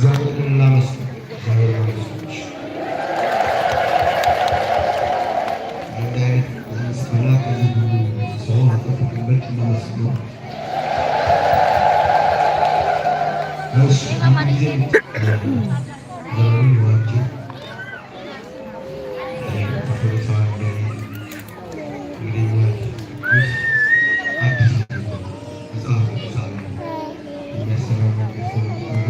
zamanımız, zamanımız olmuş. Benden insanlar kazanımızı sonra kapatılmak numarasını Nasıl Thank you.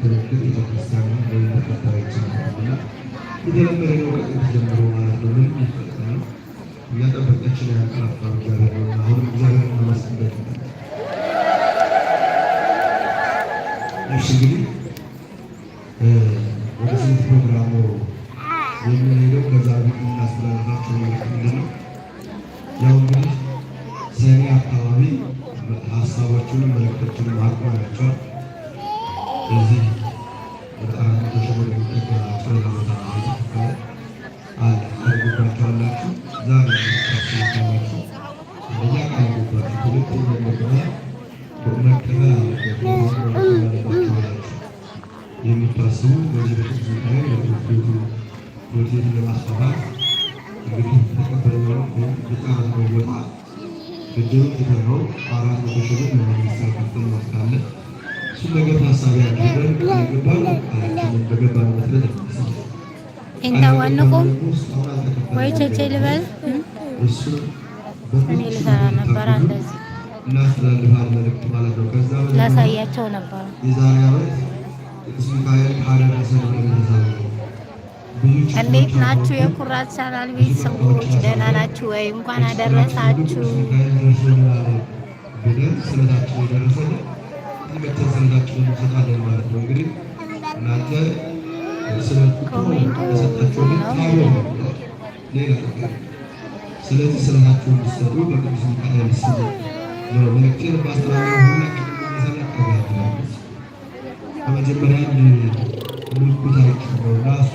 በትክክል ቤተክርስቲያን ወይም ተከታዮች ና የተለመደ ነው። ጀምሮ ማለት ነው። ምንም ይፈጠና እያጠበቀች ያንቀላፋ እግዚአብሔር ነው። አሁን እግዚአብሔር ማመስገን እሺ። እንግዲህ ወደ ስንት ፕሮግራሙ የምንሄደው ከዛ ቤት የምናስተላልፋቸው መልክ ምንድን ነው? ያው እንግዲህ ሰኔ አካባቢ ሀሳባችሁንም መልእክቶችንም አቅማናቸዋል ለዚህ በጣም የምታስቡ በዚህ ላይ ለትምህርት ቤቱ ለማስፋፋት እንግዲህ ተቀበለው በጣም ቦታ ገደብ ተተረው አራት መቶ ሺህ ብር ለመንግስት ማስታለት እንታዋንቁም ወይ ቸቼ ልበል እኔ ልሰራ ነበር። እንደዚህ ላሳያቸው ነበር። እንዴት ናችሁ? የኩራት ቻናል ቤተሰቦች ደህና ናችሁ ወይ? እንኳን አደረሳችሁ። መተት ዘንዳችሁን እንሰጣለን ማለት ነው። እንግዲህ እናንተ ስለ የሰጣችሁ ሌላ ነገር ስለዚህ ስራታችሁ እንዲሰሩ በቅዱስ ሚካኤል ስም ነው መልእክቴን ማስተላለፍና ዘላቀባለች በመጀመሪያ ነው ራሱ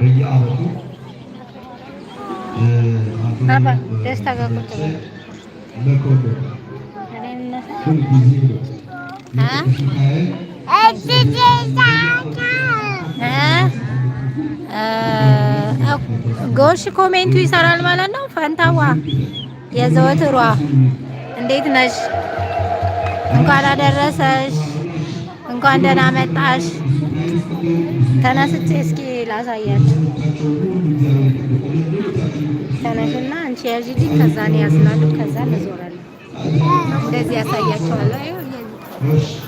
በየአመቱ መኮንን ጎሽ ኮሜንቱ ይሰራል ማለት ነው። ፈንታዋ የዘወትሯ እንዴት ነሽ? እንኳን አደረሰሽ፣ እንኳን ደህና መጣሽ። ተነስቼ እስኪ ላሳያችሁ። ተነሽና አንቺ ያዥ፣ ከዛ ያስላሉ፣ ከዛ እንዞራለን እንደዚህ ያሳያቸዋለሁ። ይሄ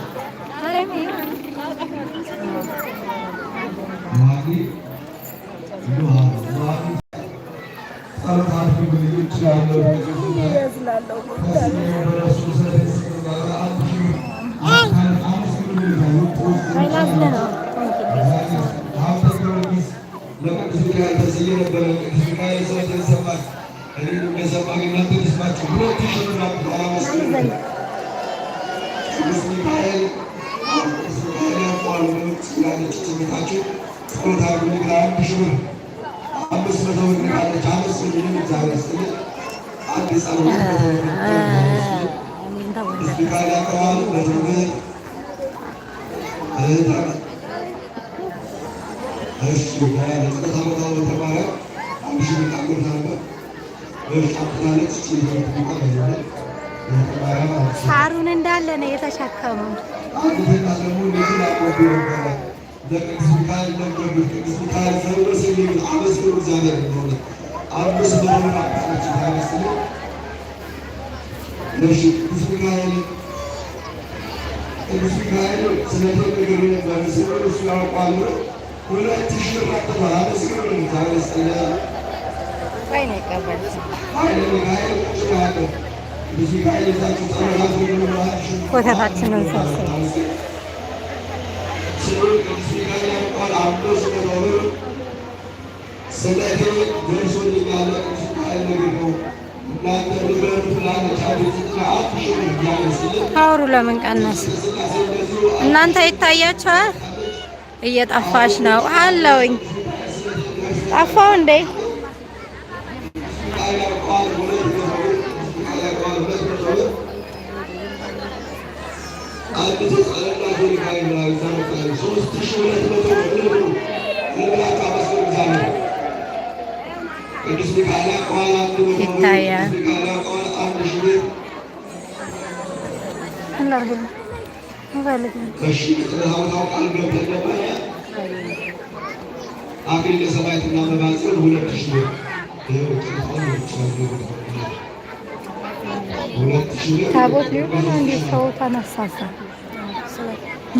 ഒരു ഗ്രാമപുഷ്പം അമ്പത് ചാമസ്വരൂപിന് ജാഗ്രസ്ഥിതി ആദ്യ സർവകാര്യാക്രമാൽ പ്രജകൾക്ക് അതേതാണ് പ്രകാരം ആവശ്യമില്ല അംഗീകാരം ሳሩን እንዳለ ነው የተሸከመው። በቅዱስ ሚካኤል መቅረብ ቅዱስ ሚካኤል ፈውስ የሚል አመስግኑ እግዚአብሔር እንደሆነ አምስት መሆኑን አባቶች ታመስሉ። ወተታችንን ሰብስብ ክርስቶስን ስጋን ያውቃል አብዶ ስለሆነ ስለቴ ደርሶልኛል። አውሩ ለምን ቀነስ እናንተ ይታያችኋል። እየጠፋሽ ነው አለውኝ ጠፋው እንዴ አርግዝስ አረዳት ሪካይና ይዛመታል ሶስት ሺ ሁለት መቶ ብር ንብላት አመስገን ቅዱስ ሚካኤል አቋል አንድ ይታያል። ሚካኤል አቋል አንድ ሺ ቤት በሺ ቁጥር ሀብታው ቃል ገብተን ነበረ አክሊለ ሰማዕትና መባጽን ሁለት ሺ ብር ታቦት ሊሆን እንዴት ሰው ተነሳሳ?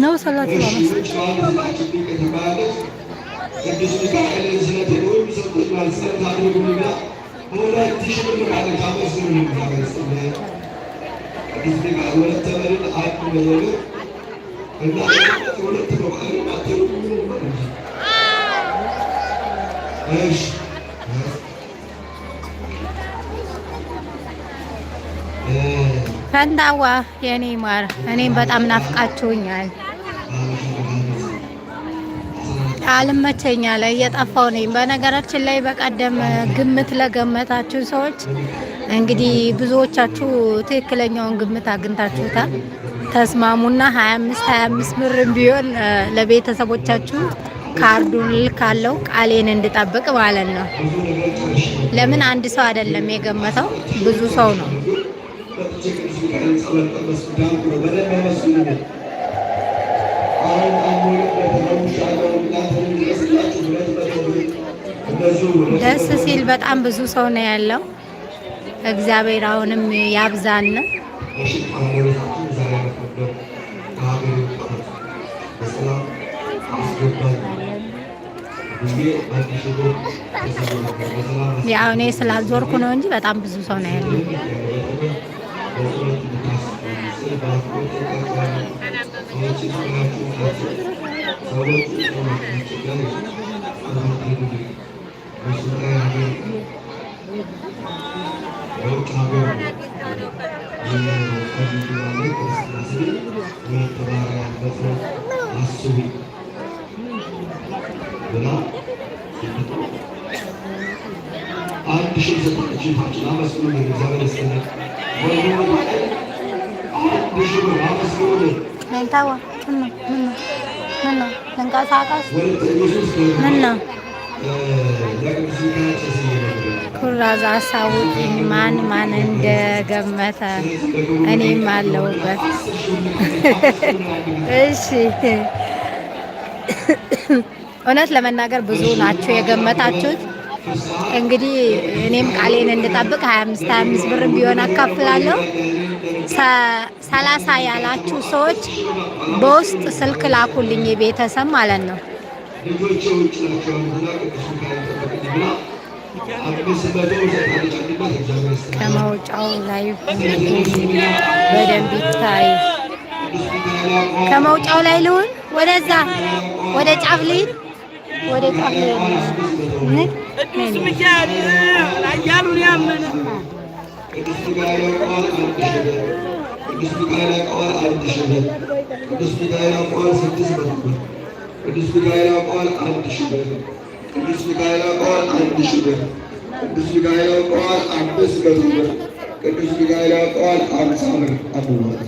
No salat ፈንታዋ የኔ ማር እኔም በጣም ናፍቃችሁኛል። አልመቸኛ ላይ እየጠፋው ነኝ። በነገራችን ላይ በቀደም ግምት ለገመታችሁ ሰዎች እንግዲህ ብዙዎቻችሁ ትክክለኛውን ግምት አግኝታችሁታል። ተስማሙና 25 25 ብር ቢሆን ለቤተሰቦቻችሁ ካርዱን ልካለው ቃሌን እንድጠብቅ ማለት ነው። ለምን አንድ ሰው አይደለም የገመተው ብዙ ሰው ነው። ደስ ሲል በጣም ብዙ ሰው ነው ያለው። እግዚአብሔር አሁንም ያብዛን። ያው እኔ ስላልዞርኩ ነው እንጂ በጣም ብዙ ሰው ነው ያለው። አንድ ሺህ ዘጠኝ ጅፋችን አመስግኑ እግዚአብሔር ይስጥልን። አንድ ሺህ ብር አመስግኑ። መልታዋ ምን ነው ምን ነው ልንቀሳቀስ ምን ነው ኩራዝ አሳውቂኝ፣ ማን ማን እንደገመተ እኔም አለሁበት። እሺ፣ እውነት ለመናገር ብዙ ናቸው የገመታችሁት። እንግዲህ እኔም ቃሌን እንድጠብቅ 25 25 ብር ቢሆን አካፍላለሁ። 30 ያላችሁ ሰዎች በውስጥ ስልክ ላኩልኝ፣ ቤተሰብ ማለት ነው ልጆቼ ውጭ ናቸው እና ቅዱስ ሚካኤል ጠበቀኝና ከመውጫው ላይ በደንብ ይታይ። ከመውጫው ላይ ልሁን፣ ወደዛ ወደ ጫፍ ልሂድ፣ ወደ ጫፍ ልሂድ። ቅዱስ ሚካኤል አያሉን ያምን ቅዱስ ሚካኤል ያውቀዋል ስድስት ቅዱስ ሚካኤል ያውቀዋል አንድ ሺህ ብር። ቅዱስ ሚካኤል ያውቀዋል አንድ ሺህ ብር። ቅዱስ ሚካኤል ያውቀዋል አምስት መቶ ብር። ቅዱስ ሚካኤል ያውቀዋል አምሳ ብር። አቡባት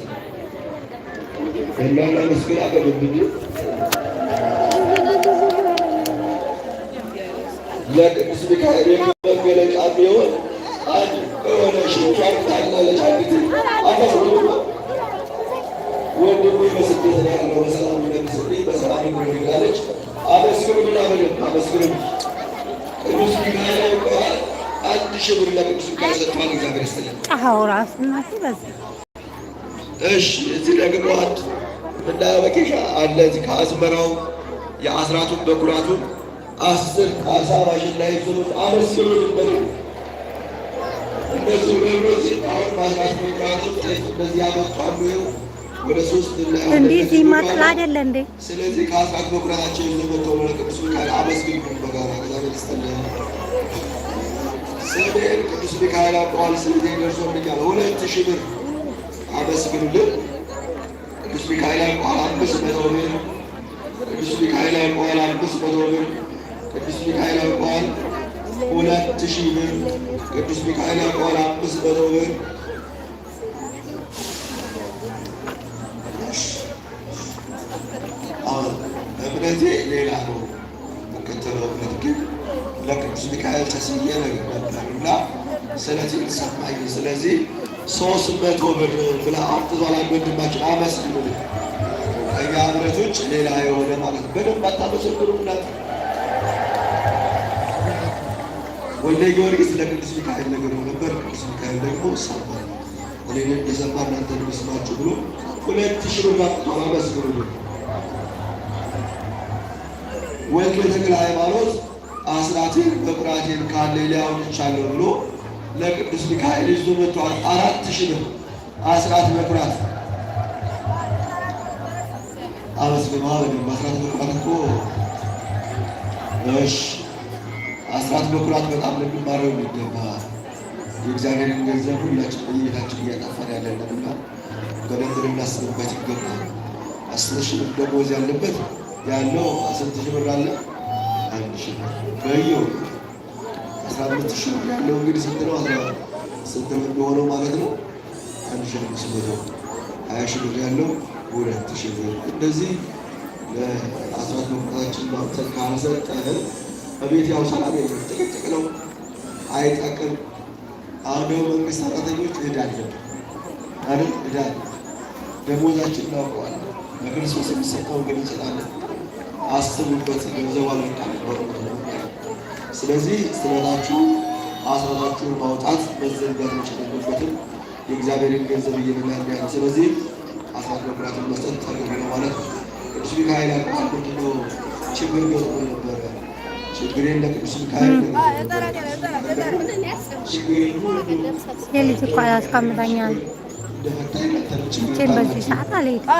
የላና መስገድ አቀብብኝ ለቅዱስ ሚካኤል መገለጫ ቢሆን አንድ የሆነ ሽንኳን ታላለች አንዲት አፈስ ወንድሙ በስደት ያለው በሰላ አሁን ይላለች። አመስግኑና በደንብ አመስግኑ። ቅዱስ ሚካኤል ያውቀዋል። አንድ ሺህ ብር ለቅዱስ ሚካኤል ሰጥቷል። እግዚአብሔር ይስጥልን። እሺ እዚህ ደግሞ እና በኬሻ አለ እዚህ ከአዝመራው የአስራቱን በኩራቱን አስር ካሳ ማሽን ላይ ፍሉት። አመስግኑን በደንብ እነዚህ ሁሉ አሁን በአስራት በኩራቱን እንደዚህ ያመጣሉ እንዴ እዚህማ አይደለ እንዴ? ስለዚህ ከአስራት መቁረጣቸው የሚመጣው ቅዱስ ሚካኤል አመስግኝ በጋራ እግዚአብሔር ይስጥልኝ። ስሜን ቅዱስ ሚካኤል አውቀዋል። ስለዚህ ደርሶልኛል። ሁለት ሺህ ብር አመስግኑልን። ቅዱስ ሚካኤል አውቀዋል። አምስት መቶ ብር ቅዱስ ሚካኤል አውቀዋል። አምስት መቶ ብር ቅዱስ ሚካኤል አውቀዋል። ሁለት ሺህ ብር ቅዱስ ሚካኤል አውቀዋል። አምስት መቶ ብር እምነቴ ሌላ ነው። ምክትለው እምነት ግን ለቅዱስ ሚካኤል ተስዬ ነበር እና ስለዚህ ተሰማኝ። ስለዚህ ሶስት መቶ ብር ብላ አውጥቷ ወንድማችን አመስግኑ። ከኛ እምነት ሌላ የሆነ ማለት በደንብ አታመሰግኑ እናት ወልደ ጊዮርጊስ ለቅዱስ ሚካኤል ነገር ነበር። ቅዱስ ሚካኤል ደግሞ ሰማ እኔ እንደሰማ እናንተ ብሎ ሁለት ሺህ ብር አመስግኑ ወይ የተክለ ሃይማኖት አስራቴን በኩራቴን ካለ ሊያውን ሊያውጥቻለሁ ብሎ ለቅዱስ ሚካኤል ይዞ መጥቷል። አራት ሺ ብር አስራት በኩራት አመስግማ በደም አስራት በኩራት እኮ እሺ፣ አስራት በኩራት በጣም ልንማረው የሚገባ የእግዚአብሔርን ገንዘብ ሁላችን በየቤታችን እያጠፋን ያለንና በደንብ ልናስብበት ይገባል። አስር ሺ ሺህ ደሞዝ ያለበት ያለው ስንት ሺህ ብር አለ? አንድ ሺህ በየወሩ አስራ አምስት ሺህ ብር ያለው እንግዲህ ስንት ነው? ስንት ብር የሚሆነው ማለት ነው? አንድ ሺህ አምስት መቶ ሀያ ሺህ ብር ያለው ሁለት ሺህ ብር። እንደዚህ ለአስራት መቁጣታችን ማብሰል ካልሰጠን በቤት ያው ሰላም የለም፣ ጭቅጭቅ ነው፣ አይጠቅም። አሁን ደግሞ መንግስት ሰራተኞች ዕዳ አለብን አይደል? ዕዳ ደሞዛችን እናውቀዋለን። በክርስቶስ የሚሰጠውን ግን እንችላለን አስቡበት፣ ገንዘብ አልቃ ስለዚህ ስለታችሁ አስራታችሁን ማውጣት መዘንጋት መቻለበትም የእግዚአብሔርን ገንዘብ እየበላን ያለ ስለዚህ አስራት በኩራትን መስጠት ተገቢ ነው ማለት ነው። ቅዱስ ሚካኤል ያውቃል። ምንድን ችግር ገጥሞ ነበረ። ችግሬን ለቅዱስ ሚካኤል ችግሬ ልጅ እኮ ያስቀምጠኛል መቼም በዚህ ሰዓት አልሄድም።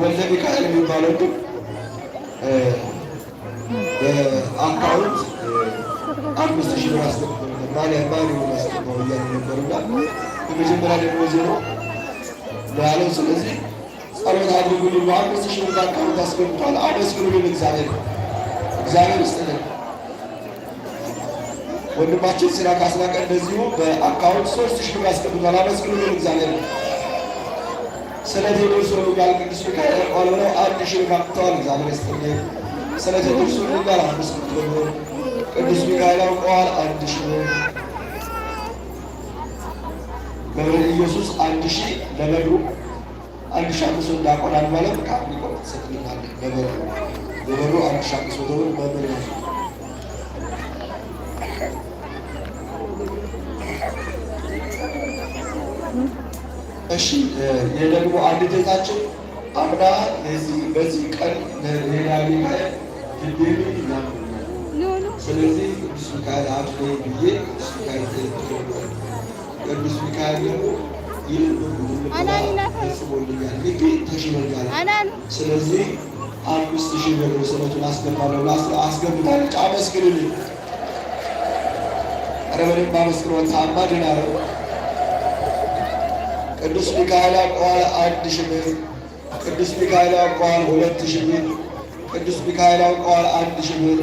ወልደ ሚካኤል የሚባለው ግን በአካውንት አምስት ሺህ ብር አስገባው እያሉ ነበር እና የመጀመሪያ ደግሞ ዜሮ ያለው ስለዚህ ጸሎት አድርጉልኝ። ዮሐንስሽን እዛ ጸሎት አስገብቷል። አመስግኑልኝ እግዚአብሔር እግዚአብሔር ይስጥልን። ወንድማችን ስራ ካስናቀ እንደዚሁ በአካውንት ሶስት ሺህ ብር አስገብቷል። እግዚአብሔር ስለ ቴዎድሮስ ወንጌል ቅዱስ ሚካኤል ቆሎነ አንድ ሺህ ብር እግዚአብሔር ይስጥልን። ስለ ቴዎድሮስ ወንጌል አምስት ብር ቅዱስ ሚካኤል አውቀዋል። አንድ ሺህ ገብረ ኢየሱስ አንድ ሺህ ለበዱ አንድ ሺህ አምስት መቶ ዲያቆናት ማለት ከአንድ ቆ ትሰጥልናለ በበሩ በበሩ አንድ ሺህ በምን መቶ እሺ የደግሞ አንድ እህታችን አምና ለዚህ በዚህ ቀን ሌላ ሌላሌላ ግዴሚ ስለዚህ ቅዱስ ሚካኤል አብ ብዬ ቅዱስ ሚካኤል ቅዱስ ሚካኤል ደግሞ ስለዚህ አምስት ሺህ ብር ስነቱን አስገባለሁ። አስገብታለች። አመስግንልኝ። ኧረ በደንብ አመስግኖት አማድና ነው። ቅዱስ ሚካኤል አቋል አንድ ሺህ ብር፣ ቅዱስ ሚካኤል አቋል ሁለት ሺህ ብር፣ ቅዱስ ሚካኤል አቋል አንድ ሺህ ብር፣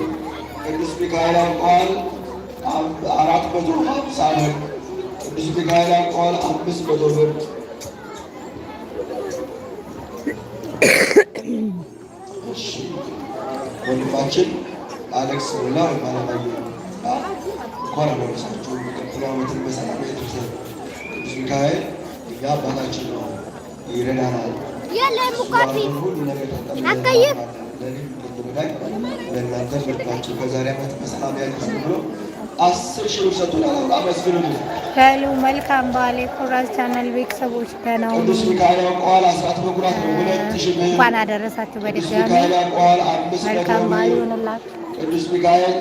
ቅዱስ ሚካኤል አቋል አራት መቶ ሀምሳ ብር ቅዱስ ሚካኤል አልቀዋል። አምስት መቶ ብር ወንድማችን አሌክስ ላ ባለባዩ እንኳን አደረሳችሁ። የሚቀጥለው ዓመትን በሰላም ያድርሰን። ቅዱስ ሚካኤል እኛ አባታችን ነው፣ ይረዳናል። ሁሉ ነገር ተጠምለናል። ለእናንተ ምርታችሁ ከዛሬ ዓመት በሰላም ያድርሰን ብሎ አስር ሺህ ሰጡን። አመስግኑልኝ። ሄሎ መልካም በዓል የኩራዝ ቻናል ቤተሰቦች ገናው ቅዱስ ሚካኤል ያውቀዋል። አስራት በኩራት ነው። ሁለት ሺህ እንኳን አደረሳችሁ። በድጋሚ መልካም በዓል ይሆንላችሁ። ቅዱስ ሚካኤል